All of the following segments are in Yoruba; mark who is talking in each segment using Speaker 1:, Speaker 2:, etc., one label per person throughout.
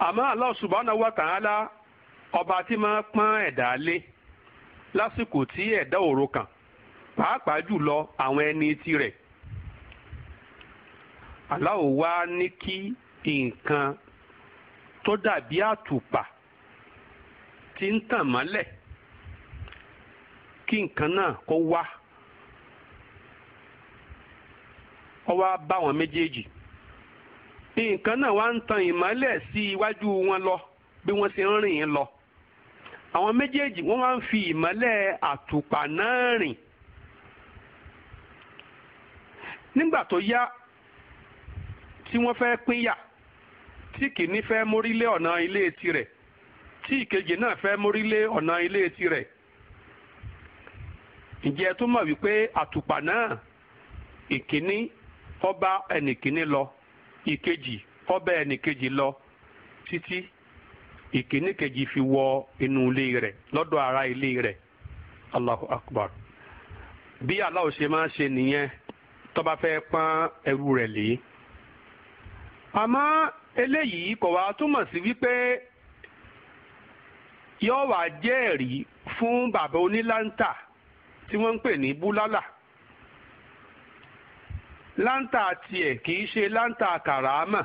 Speaker 1: àmọ́ Allah subhanahu wa ta'ala ọba tí máa pọ́n ẹ̀dá lé lásìkò tí ẹ̀dá òro pàápàá jùlọ àwọn ẹni tirẹ̀ aláwọ̀ wá ní kí nǹkan tó dàbí àtùpà tí ń tàn mọ́lẹ̀ kí nǹkan náà kó wá ó bá wọn méjèèjì. nkan náà wá ń tan ìmọ́lẹ̀ sí iwájú wọn lọ bí wọ́n ti ń rìn lọ àwọn méjèèjì wọ́n wá ń fi ìmọ́lẹ̀ àtùpà náà rìn nígbà tó yá tí wọ́n fẹ́ pínyà tí kìíní fẹ́ mórílé ọ̀nà ilé tirẹ̀ tí ìkejì náà fẹ́ mórílé ọ̀nà ilé tirẹ̀ ǹjẹ́ tó mọ̀ wípé àtùpà náà ìkíní ọba ẹnìkíní lọ ìkejì ọbẹ̀ ẹnìkejì lọ títí ìkíní kejì fi wọ inú ilé rẹ̀ lọ́dọ̀ ara ilé rẹ̀ Allahu Akbar bí Allah ṣe máa ṣe nìyẹn tó bá fẹ́ pọ́n ẹrú rẹ̀ lé àmọ́ eléyìí kò wá túmọ̀ sí wípé yóò wá jẹ́ẹ̀rí fún bàbá oníláńtà tí wọ́n ń pè ní búlálà láńtà tiẹ̀ kì í ṣe láńtà kàràmà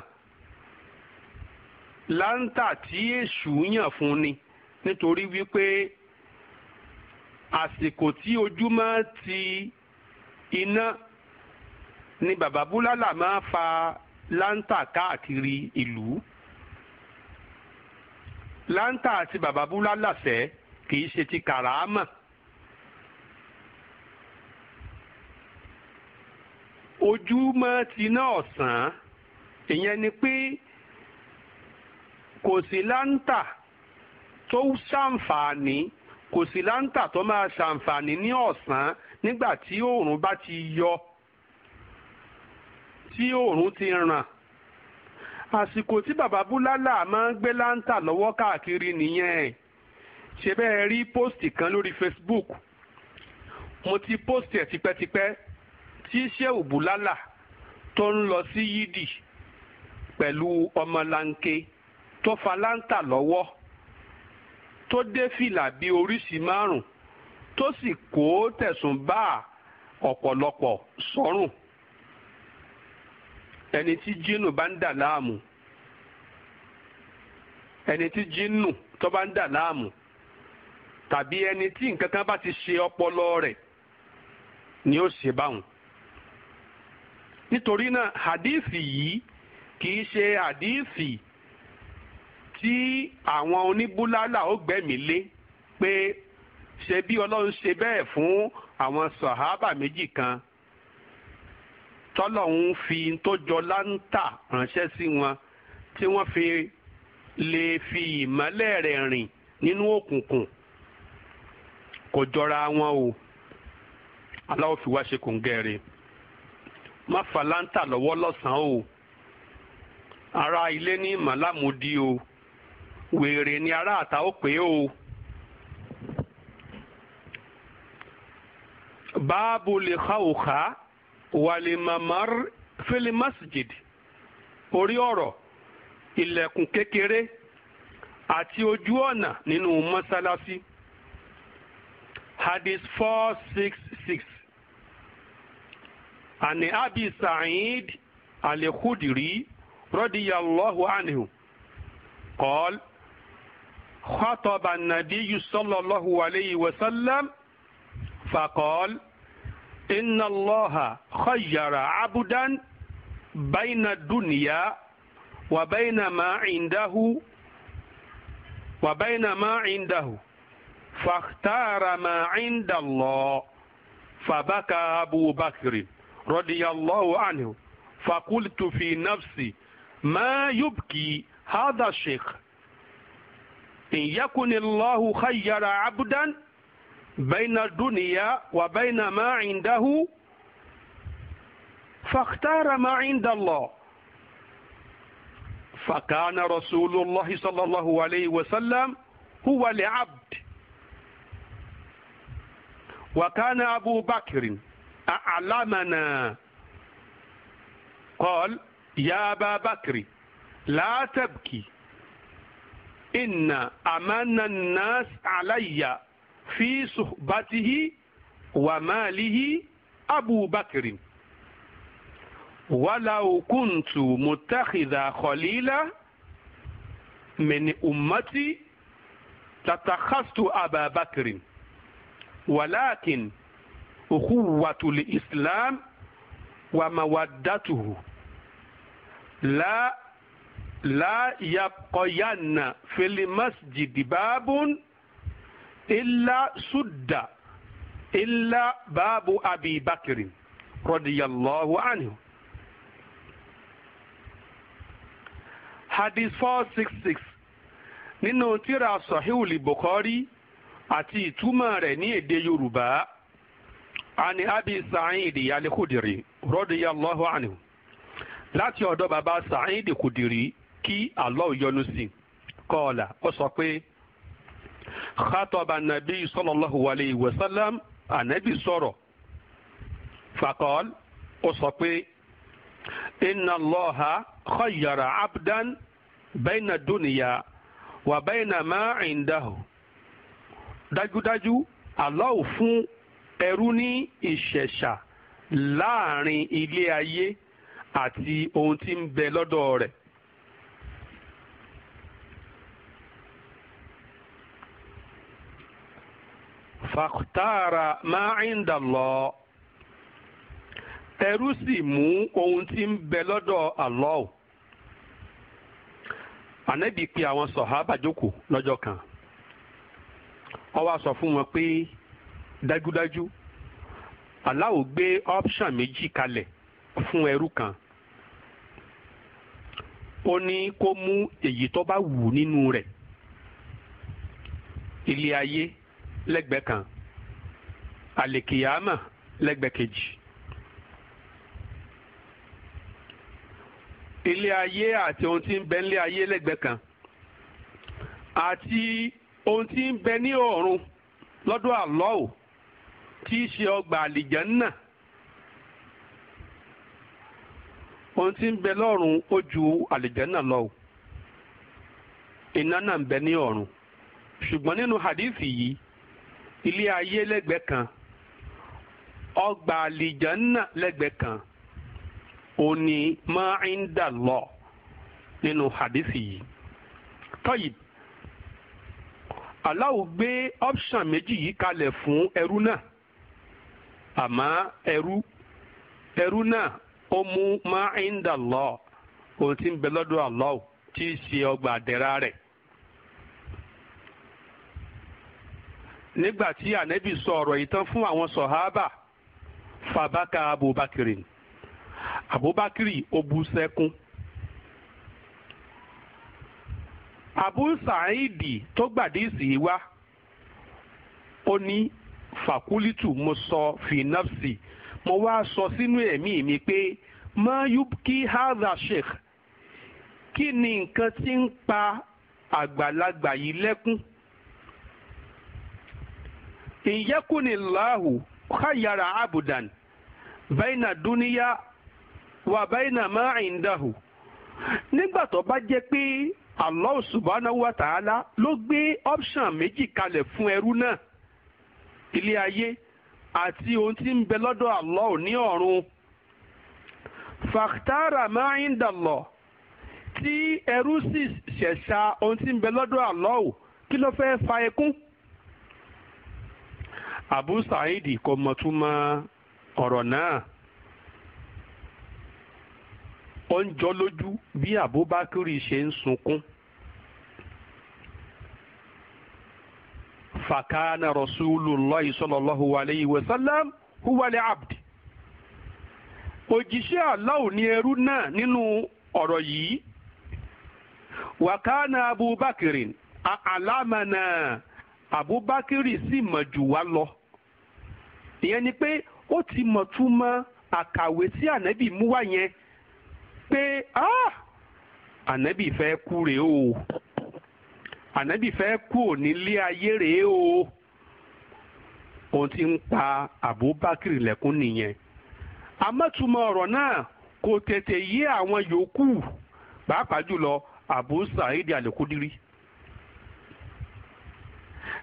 Speaker 1: láńtà tí èṣù yàn fún ni nítorí wípé àsìkò tí ojúmọ́ ti iná ni bàbá búlálà máa fa láńtà káàkiri ìlú láńtà àti bàbá búlálà fẹ́ kì í ṣe ti kàràmà. ojúmọ́ ti náà ọ̀sán ìyẹn ni pé kò sí láńtà tó ṣàǹfààní kò sí láńtà tó máa ṣàǹfààní ní ọ̀sán nígbà tí oòrùn bá ti yọ tí oòrùn ti ràn àsìkò tí bàbá búlálà máa ń gbé láńtà lọ́wọ́ káàkiri nìyẹn ṣe bẹ́ẹ̀ rí póòstì kan lórí Facebook mo ti póòstì ẹ̀ tipẹ́tipẹ́ tí sehu bulala tó ń lọ sí yídì pẹ̀lú ọmọlanke tó faláńtà lọ́wọ́ tó dé fìlà bíi oríṣi márùn tó sì kó tẹ̀sùn bá ọ̀pọ̀lọpọ̀ sọ́rùn ẹni tí jínù bá ń dà láàmú ẹni tí jínù tó bá ń dà láàmú tàbí ẹni tí nǹkan kan bá ti ṣe ọpọlọ rẹ̀ ni ó ṣe báwọn nítorí náà hadithi yìí kìí ṣe hadithi tí àwọn oníbúlálà ó gbẹ̀mí lé pé ṣe bí ọlọ́run ṣe bẹ́ẹ̀ fún àwọn sàhábà méjì kan tọ́lọ́run fi tó jọ láńtà ránṣẹ́ sí wọn tí wọ́n fi lè fi ìmọ́lẹ̀ rẹ̀ rìn nínú òkùnkùn kò jọra wọn o aláwọ̀ fi wá ṣe kòǹgẹ́rẹ́ má falanta lọ́wọ́ lọ́sàn-án o ara ilé ní màlámùdí o wèrè ni ará àta ó pé o. báàbù lè ka òkà wàlè mamar fili masjid orí ọ̀rọ̀ ilẹ̀kùn kékeré àti ojú ọ̀nà nínú mọ́sálásí hadith four six six àní abi sa'id al-khudri radiyallahu anhu qal khataba an-nabiyyu sallallahu alayhi wa sallam faqal inna allaha khayyara abdan bayna dunya wa bayna ma indahu wa bayna ma indahu فاختار ما عند الله فبكى رضي الله عنه فقلت في نفسي ما يبكي هذا الشيخ إن يكن الله خير عبدا بين الدنيا وبين ما عنده فاختار ما عند الله فكان رسول الله صلى الله عليه وسلم هو لعبد وكان أبو بكر أعلمنا قال يا أبا بكر لا تبكي إن أمن الناس علي في صحبته وماله أبو بكر ولو كنت متخذا خليلا من أمتي لاتخذت أبا بكر ولكن ukhuwatu li islam wa mawaddatuhu la la yabqayanna fil masjidi babun illa sudda illa babu abi bakrin radiyallahu anhu hadith four six six nínú tírà sahihul bukhari àti ìtumọ̀ rẹ̀ ní èdè yorùbá ani abi sa'idi alikudiri radiyallahu anhu láti ọ̀dọ̀ baba sa'idi kudiri kí Allah yọ́nú sí kọ́ọ̀là ó sọ pé khataba nabi sallallahu alayhi wa sallam anabi sọ̀rọ̀ fakọ́l ó sọ pé inna Allaha khayyara abdan bayna dunya wa bayna ma indahu dájúdájú Allah fún ẹrú ní ìṣẹ̀ṣà láàrin ilé ayé àti ohun tí ń bẹ lọ́dọ̀ rẹ̀. fàkútàrà máa lọ ẹrú sì mú ohun tí ń bẹ lọ́dọ̀ Allah ànábì pe àwọn sọ̀hábà jókòó kan sọ fún wọn pé. dájúdájú Allah ó gbé option méjì kalẹ̀ fún ẹrú kan ó ní kó mú èyí tó bá wù nínú rẹ̀ ilé ayé lẹ́gbẹ̀ẹ́ kan àlèkìyàmà lẹ́gbẹ̀ẹ́ kejì ilé ayé àti ohun tí ń bẹ nílé ayé lẹ́gbẹ̀ẹ́ kan àti ohun tí ń bẹ ní ọ̀run lọ́dọ̀ àlọ́ ò. tí í ṣe ọgbà àlìjánná ohun tí ń bẹ lọ́run ó ju àlìjánná lọ iná náà ń bẹ ní ọ̀run ṣùgbọ́n nínú hadithi yìí ilé ayé lẹ́gbẹ̀ẹ́ kan ọgbà àlìjánná lẹ́gbẹ̀ẹ́ kan òní máa ń dà lọ nínú hadithi yìí tọ́yìí aláwo gbé option méjì yìí kalẹ̀ fún ẹrú náà àmọ́ ẹrú ẹrú náà ó mú lọ ohun tí ń bẹ lọ́dọ̀ Allah tí í ṣe ọgbà àdẹ́rà rẹ̀. nígbà tí ànẹ́bì sọ ọ̀rọ̀ yìí tán fún abubakiri abubakiri abu sa'idi tó wá ó fàkúlítù mo sọ fi nafsi mo wá sọ sínú ẹ̀mí mi pé má yubki hadha sheikh kí ni nǹkan tí ń pa àgbàlagbà yìí lẹ́kún. ìyẹ́kùnì láàhù khayyara abudan bayna dúníyà wà bayna ma indahu. nígbà tó bá jẹ́ pé Allah subhanahu wa ta'ala ló gbé option méjì kalẹ̀ fún ẹrú náà ilé ayé àti ohun tí ń bẹ lọ́dọ̀ Allah ní ọ̀run fàtàrà máa ń dàlọ́ tí ẹrú sì ṣẹ̀ṣà ohun tí ń bẹ lọ́dọ̀ Allah kí ló fẹ́ fa ekún. Abu Sa'id kò mọ̀ túmọ̀ ọ̀rọ̀ náà ó ń jọ lójú bí Abubakar ṣe ń sunkún. fakana rasulullah sallallahu alayhi wa sallam huwa li abdi òjíṣẹ́ Allah ní ẹrú náà nínú ọ̀rọ̀ yìí wakana abubakirin alamana na sì mọ̀ jù wá lọ ìyẹn ni o ti mọ̀ túmọ̀ sí ànábì mú wá pé ah, ànábì ànábì fẹ́ kú nílé ayé rèé o òun ti ń pa Abubakar lẹ́kún nìyẹn amátúmọ̀ ọ̀rọ̀ náà kò tètè yé àwọn yòókù pàápàá jùlọ Abu Sa'id al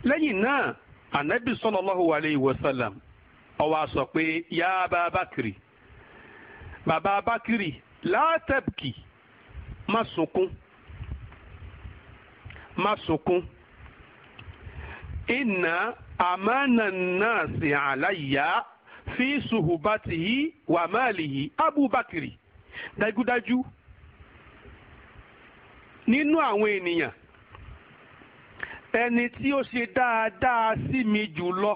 Speaker 1: lẹ́yìn náà anabi sallallahu alayhi wa sallam ó wá pé ya babakiri baba bakiri la tabki má sunkún má sunkún inna amánà náà sì àlàyé fi suhubatihi wà máàlìyí abubakiri dájúdájú nínú àwọn ènìyàn ẹni tí ó ṣe dáadáa sí mi jùlọ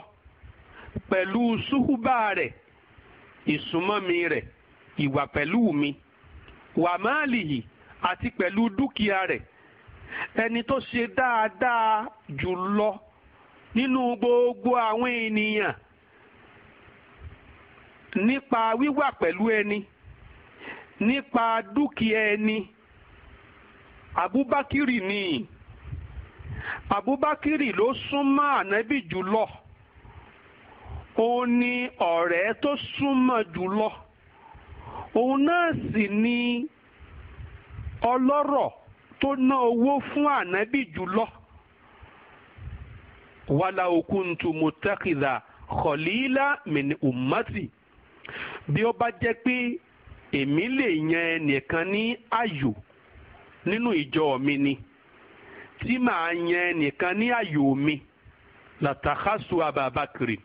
Speaker 1: pẹ̀lú suhuba rẹ̀ ìsúnmọ́mi rẹ̀ ìwà pẹ̀lú mi wà máàlìyí àti pẹ̀lú dúkìá rẹ̀ ẹni tó ṣe dáadáa jùlọ nínú gbogbo àwọn ènìyàn nípa wíwà pẹ̀lú ẹni nípa dúkìá ẹni Abubakiri ni Abubakiri ló súnmọ́ ànábì jùlọ òun ni ọ̀rẹ́ tó súnmọ́ jùlọ òun náà sì ni ọlọ́rọ̀ tó ná owó fún ànábì jùlọ wàlà òkúntù mùtàkìdà kọ̀lílà mìíní ùmátì bí ó bá jẹ́ pé èmi lè yan ẹnìkan ní ààyò nínú ìjọ mi ni tí màá yan ẹnìkan ní ààyò mi látàkásù àbàbàkiri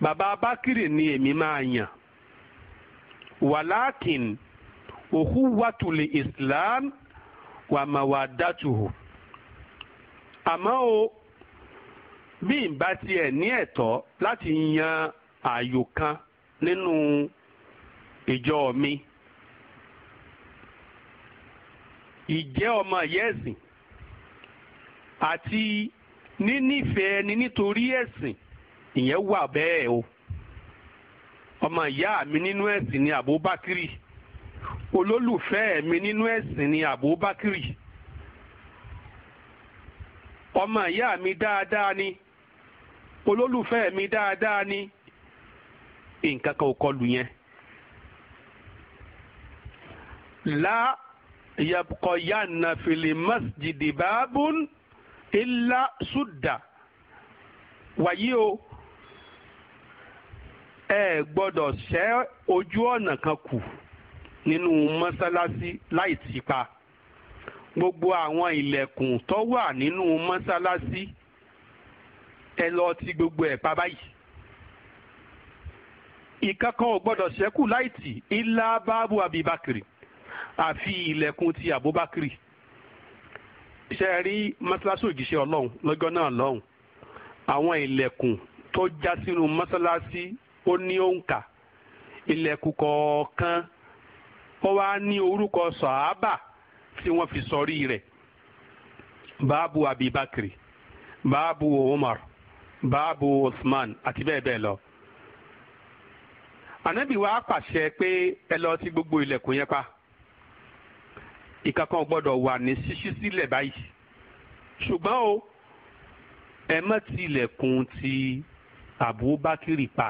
Speaker 1: bàbá abákiri ni èmi máa yàn wàlákìn òhùwàtúlẹ̀ islam wà má wà dátùhù àmọ́ o bí n bá tiẹ̀ ní ẹ̀tọ́ láti yan ààyò kan nínú ìjọ mi ìjẹ́ ọmọ yẹ́sìn àti nínífẹ̀ẹ́ ni nítorí ẹ̀sìn ìyẹn wà bẹ́ẹ̀ o ọmọ ìyá mi nínú ẹ̀sìn ni Abubakiri olólùfẹ́ mi nínú ẹ̀sìn ni Abubakar ọmọ ìyá mi dáadáa ni olólùfẹ́ mi dáadáa ni nǹkan kan ò kọlù yẹn. la yabqayanna fil masjidi babun ila suda wàyí o ẹ gbọ́dọ̀ ṣẹ́ ojú ọ̀nà kan kù nínú mọ́sálásí láì tì pa gbogbo àwọn ilẹ̀kùn tó wà nínú mọ́sálásí ẹ lọ ti gbogbo ẹ̀ pa báyìí ìkankan ò gbọ́dọ̀ ṣẹ́kù láì tì ilá báàbù abibakiri àfi ilẹ̀kùn ti abubakiri ṣe rí mọ́sálásí òjíṣẹ́ ọlọ́run lọ́jọ́ náà lọ́hùn àwọn ilẹ̀kùn tó já sínú mọ́sálásí ó ní òǹkà ilẹ̀kùn kọ̀ọ̀kan kó wá ní orúkọ sàábà tí wọ́n fi sọrí rẹ̀ báàbù abibakiri báàbù umar báàbù usman àti bẹ́ẹ̀ bẹ́ẹ̀ lọ. ànábì wa pàṣẹ pé ẹ lọ sí gbogbo ilẹ̀kùn yẹn pa ìkankan gbọ́dọ̀ wà ní ṣíṣí sílẹ̀ báyìí ṣùgbọ́n o ẹ má ti ilẹ̀kùn ti àbúbákírì pa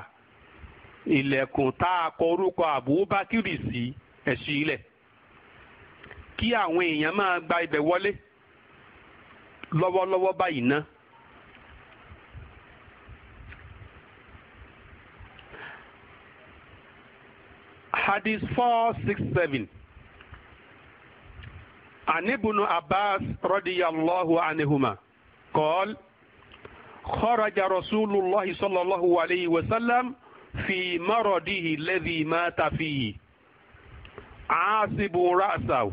Speaker 1: ilẹ̀kùn tá a kọ orúkọ àbúbákírì sí ẹ̀sì ilẹ̀ kí àwọn èèyàn máa gba ibẹ̀ wọlé lọ́wọ́lọ́wọ́ báyìí ná. hadith four six seven anibunu abbas radiyallahu anihuma qol kharaja rasulullahi sallallahu alayhi wa sallam fi maradihi alladhi mata fihi. عاصب رأسه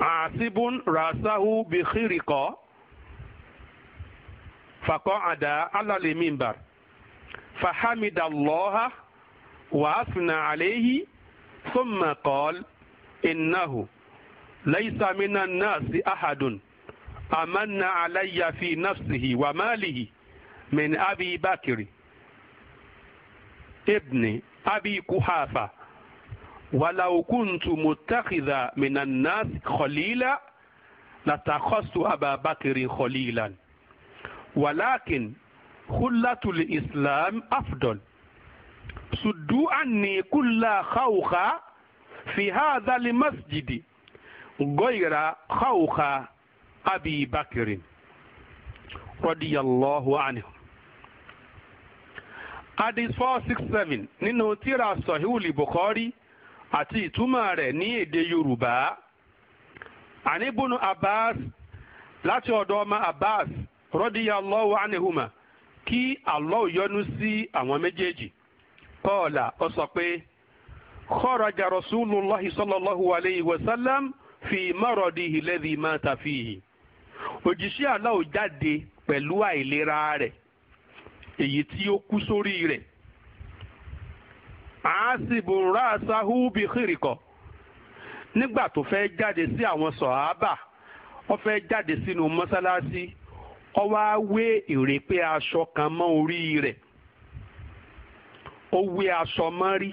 Speaker 1: عاصب رأسه بخرقة فقعد على المنبر فحمد الله وأثنى عليه ثم قال إنه ليس من الناس أحد أمن علي في نفسه وماله من أبي بكر ابن أبي قحافة wàlàó kùntù mùtàkìdà mìnànà kọ̀lìlà látàkọ́sù àbàbàkìrì kọ̀lìlà wàlákìn kúlátùlì islam afdol sùdú àní kúlà káwùká fi hàdálì masjidi gọ́yìrà káwùká àbíbàkìrì rọ́díyàlọ́hu ànihu. Hadith 467 nínú tírà Sahihul Bukhari àti ìtumọ̀ rẹ̀ ní èdè Yorùbá àníbùnú Abbas láti ọ̀dọ̀ ọmọ Abbas radiyallahu anhuma kí Allah yọ́nú sí àwọn méjèèjì kọ́ọ̀là ó sọ pé kharaja Rasulullahi sallallahu alayhi wa sallam fi maradihi alladhi mata fihi òjíṣẹ́ Allah jáde pẹ̀lú àìlera rẹ̀ èyí tí ó kú sórí rẹ̀ àásìbò ráàsáhù bí kìrìkọ̀ nígbà tó fẹ́ jáde sí àwọn sọ̀hábà ó fẹ́ jáde sínú mọ́sálásí ó wá wé èrè pé aṣọ kan mọ́ orí rẹ̀ ó wé aṣọ mọ́rí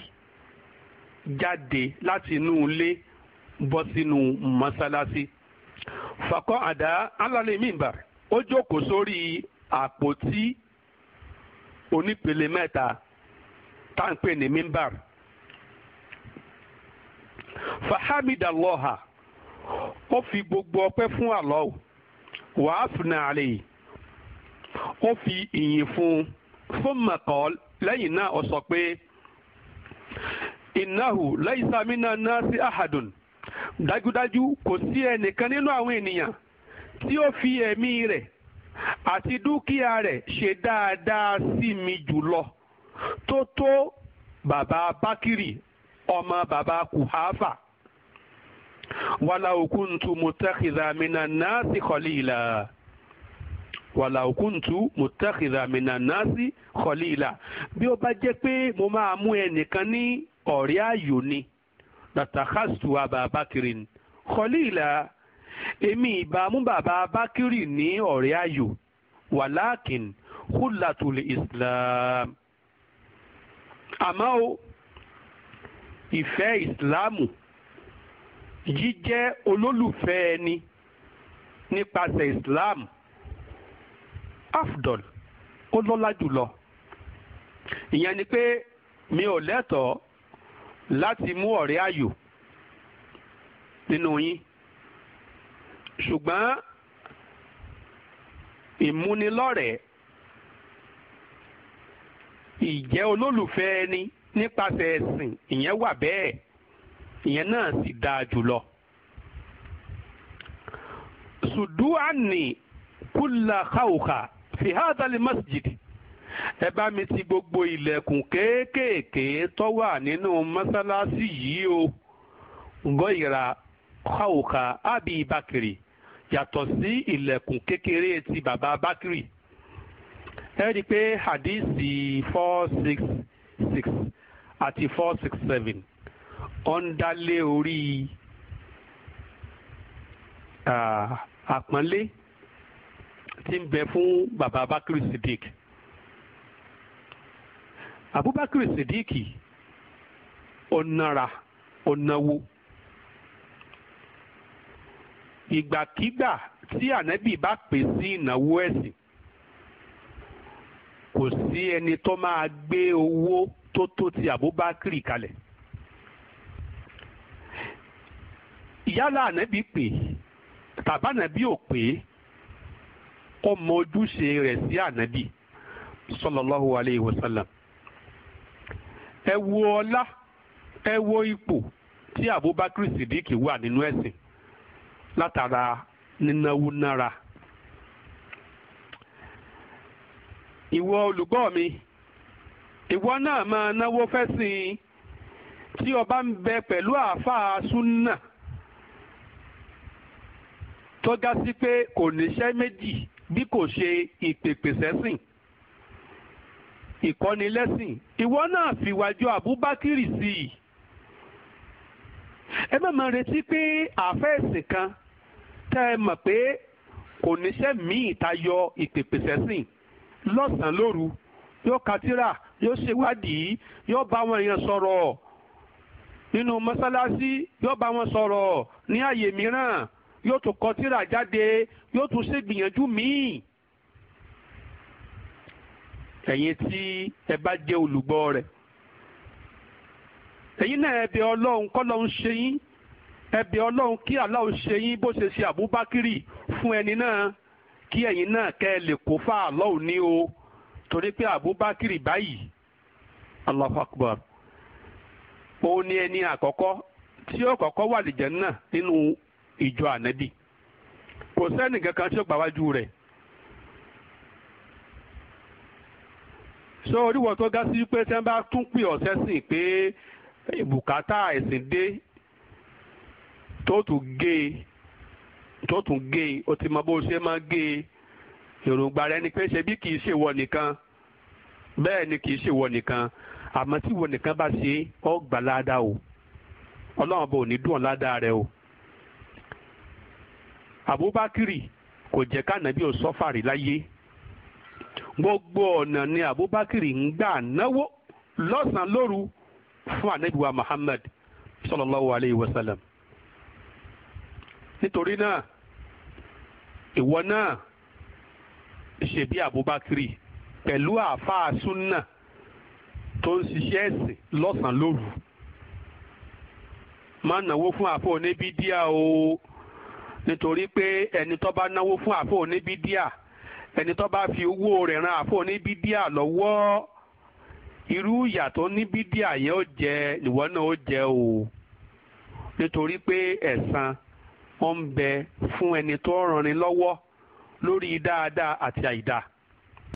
Speaker 1: jáde láti inú ilé bọ́ sínú mọ́sálásí fàkọ́ àdá alálẹ́ mìíràn ó jókòó sórí àpótí onípele mẹ́ta tá à fahamida lọ́ha o fi gbogbo ọpẹ́ fún àlọ́ọ̀ wàásùnà àlè o fi ìyìn fún fún mẹ́kọ́ lẹ́yìn náà ó sọ pé ìnáhù laysa mina nasi ahadun dájúdájú kò sí ẹnìkan nínú àwọn ènìyàn tí ó fi ẹ̀mí rẹ àti dúkìá rẹ ṣe dáadáa sí mi jùlọ. tó tó bàbá bákìrì ọmọ bàbá kùháfà wàlà kuntu mutakhidha minan nasi khalila wàlà kuntu mutakhidha minan nasi khalila bí ó bá jẹ́ pé mo máa mú ẹnìkan ní ọ̀rẹ́ ààyò ni latakhastu Aba Bakirin khalila èmi ìbá mú baba Bakiri ní ọ̀rẹ́ ààyò wàlákin khulatul Islam àmọ́ o ìfẹ́ ìsìláàmù jíjẹ́ olólùfẹ́ ẹni nípasẹ̀ ìsìláàmù afdol ó lọ́lá jùlọ ìyẹn ni pé mi ò lẹ́tọ̀ọ́ láti mú ọ̀rẹ́ àyò nínú yín ṣùgbọ́n ìmúnilọ́rẹ̀ẹ́ sì jẹ́ olólùfẹ́ ẹni nípasẹ̀ ẹ̀sìn ìyẹn wà bẹ́ẹ̀ ìyẹn náà sì dáa jùlọ. sùdú àní kúlà káwùkà fi hádàlí masjid ẹ bá mi ti gbogbo ilẹ̀kùn kéékèèké tó wà nínú mọ́sálásí yìí o ngọ́ ìra káwùkà ábí bákìrì yàtọ̀ sí ilẹ̀kùn kékeré ti bàbá bákìrì ẹ rí i pé hadisi four six six àti four six seven ó ń dá lé orí àpọ́nlé tí ń bẹ fún bàbá Bakri Siddiq Abubakar Siddiq ó nára ìgbàkigbà tí ànábì bá pè sí ìnáwó ẹ̀sìn kò sí ẹni tó máa gbé owó tó tó ti Abubakar kalẹ̀ yálà ànábì pè tàbá ànábì ò pè ó mọ ojúṣe rẹ̀ sí ànábì sallallahu alayhi wa sallam ẹ wo ọlá ẹ wo ipò tí Abubakar Siddiq wà nínú ẹ̀sìn látara nínáwó nára. ìwọ olùgbọ́ mi ìwọ náà máa náwó fẹ́sìn tí o bá ń bẹ pẹ̀lú àáfàá súnà tó ga sí pé kò níṣẹ́ méjì bí kò ṣe ìpèpèsẹ́sìn ìkọ́nilẹ́sìn ìwọ náà fìwájú Abubakar sí i ẹ má máa retí pé àfẹ́sìn kan tẹ́ ẹ mọ̀ pé kò níṣẹ́ míì tayọ ìpèpèsẹ́sìn lọ́sàn-án lóru yóò ka tírà yóò ṣèwádìí yóò bá wọn èèyàn sọ̀rọ̀ nínú mọ́sálásí yóò bá wọn sọ̀rọ̀ ní àyè mìíràn yóò tún kọ tírà jáde yóò tún ṣègbìyànjú míì ẹ̀yin tí ẹ bá jẹ́ olùgbọ́ rẹ̀ ẹ̀yin náà ẹbẹ̀ ọlọ́run kọ́ lọ́run ṣe yín ẹbẹ̀ ọlọ́run kí Allah ṣe yín bó ṣe ṣe àbúbákírì fún ẹni náà. kí ẹ̀yin náà kẹ́ ẹ lè kó fà á lọ́wọ́ ní o torí pé Abubakar báyìí Allahu ni ẹni àkọ́kọ́ tí ó kọ́kọ́ wà lìjẹ́ náà nínú ìjọ ànábì kò sẹ́ni kankan tí ó gbàwájú so oríwọ̀ tó ga sí pé tẹ́ tún pè pé tó tún gé e ó ti mọ bó ṣe máa gé e èròǹgbà rẹ ni pé ṣe bí kì í ṣèwọ nìkan bẹ́ẹ̀ ni kì í ṣèwọ nìkan àmọ́ tí ìwọ nìkan bá ṣe ọ́ gbà ládàá o ọlọ́run bò ní dùn ọ́ ládàá rẹ o. Abubakiri kò jẹ́ kánàbí ò sọ́fàrí láyé gbogbo ọ̀nà ni Abubakiri ń gbà náwó lọ́sàn-án lóru fún anabiwa Muhammad sallallahu alayhi wa sallam nítorí náà ìwọ náà ṣe bí Abubakar pẹ̀lú àáfàá súnà tó ń ṣiṣẹ́ ẹ̀sìn lọ́sàn-án lóru má náwó fún àáfàá oníbídíà o nítorí pé ẹni tó bá náwó fún àáfàá oníbídíà ẹni tó bá fi owó rẹ̀ ran àáfàá oníbídíà lọ́wọ́ irú ìyà tó ní yẹn ó jẹ ìwọ náà ó jẹ o nítorí pé ẹ̀san. E ó ń bẹ fún ẹni tó ràn ni lọ́wọ́ lórí dáadáa àti àìdáa.